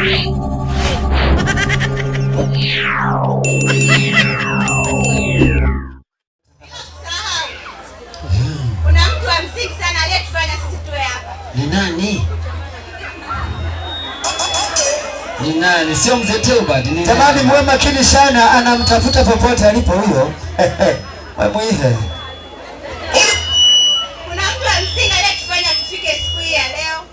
Kuna mtu wa msingi sana aliyetufanya sisi tuwe hapa. Ni nani? Ni nani? Sio mzee Jamani, makini sana, anamtafuta popote alipo huyo. Mwihe. Kuna mtu wa msingi aliyetufanya tufike siku hii ya leo.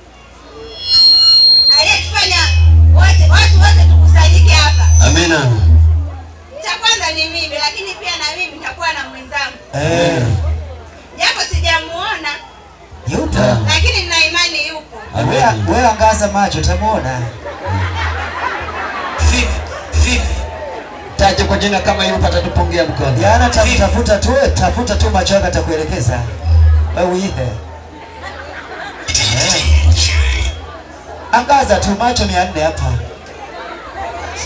nani? Cha kwanza ni mimi, lakini pia na mimi nitakuwa na mwenzangu eh, japo sijamuona yupo, lakini nina imani yupo. Wewe wewe angaza macho utamuona. Taje kwa jina kama yupo atatupungia mkono. Yana tafuta tu, tafuta tu macho yako atakuelekeza. Wewe uihe. Angaza tu macho 400 hapa.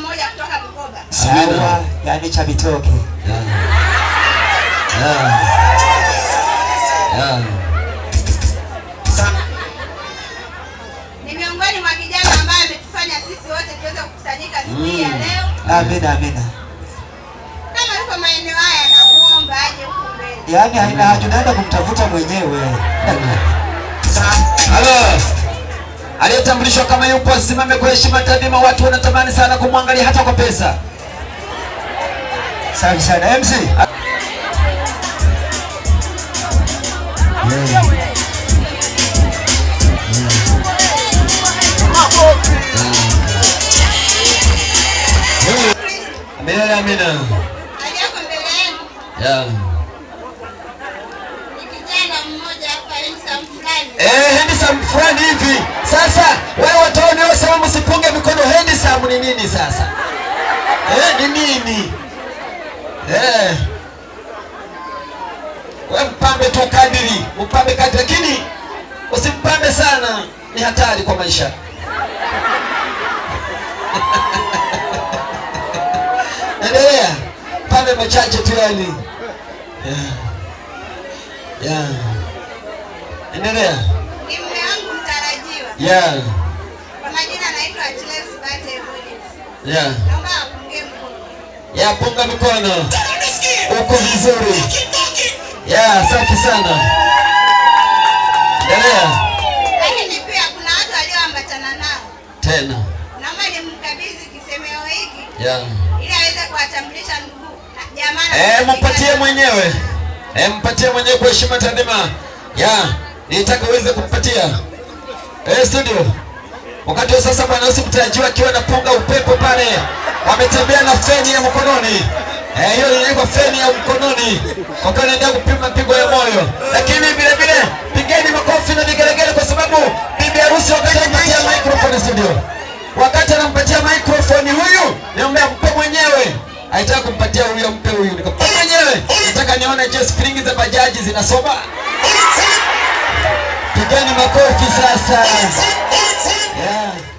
moja kutoka Bukoba. Sawa, yani yaani cha vitoke. Yaani. Yaani. Ni miongoni mwa ambaye ametufanya sisi wote tuweze kukusanyika siku hii ya mm. leo. Amina, amina. Kama yuko maeneo haya aje huko mbele. Yaani haina haja, kumtafuta mwenyewe. aliyetambulishwa kama yupo asimame kwa heshima tadhima. Watu wanatamani sana kumwangalia hata kwa pesa. Safi sana MC. Amina, amina. Yeah. Kijana sasa wewe watu wanaosema msipunge mikono handsome ni nini sasa? Eh, ni nini? Eh. Wewe mpambe tu kadiri, mpambe kadiri lakini usimpambe sana, ni hatari kwa maisha. Endelea. Pambe machache tu yani. Yeah. Yeah. Endelea. Yeah. Yeah. Yeah, punga mikono. Uko vizuri. Yeah, safi sana. Endelea. Lakini pia kuna watu walioambatana nao. Tena. Naomba nimkabidhi kisemeo hiki. Yeah. Ili aweze kuwatambulisha ndugu na jamaa. Eh, mpatie mwenyewe. Eh, mpatie mwenyewe kwa heshima tadhima. Yeah. Nitaka uweze kumpatia. Eh, studio. Wakati sasa bwana harusi mtarajiwa akiwa anapunga upepo pale, Ametembea na feni ya mkononi. Eh, hiyo inaitwa feni ya mkononi. Kwa kweli ndio kupima pigo ya moyo. Lakini vile vile pigeni makofi na vigelegele kwa sababu bibi harusi wakati anampatia microphone studio. Wakati anampatia microphone huyu, niombe ampe mwenyewe. Aitaka kumpatia huyu, mpe huyu. Nikapata mwenyewe. Nataka nione je, springi za bajaji zinasoma. Pigeni makofi sasa. Yeah.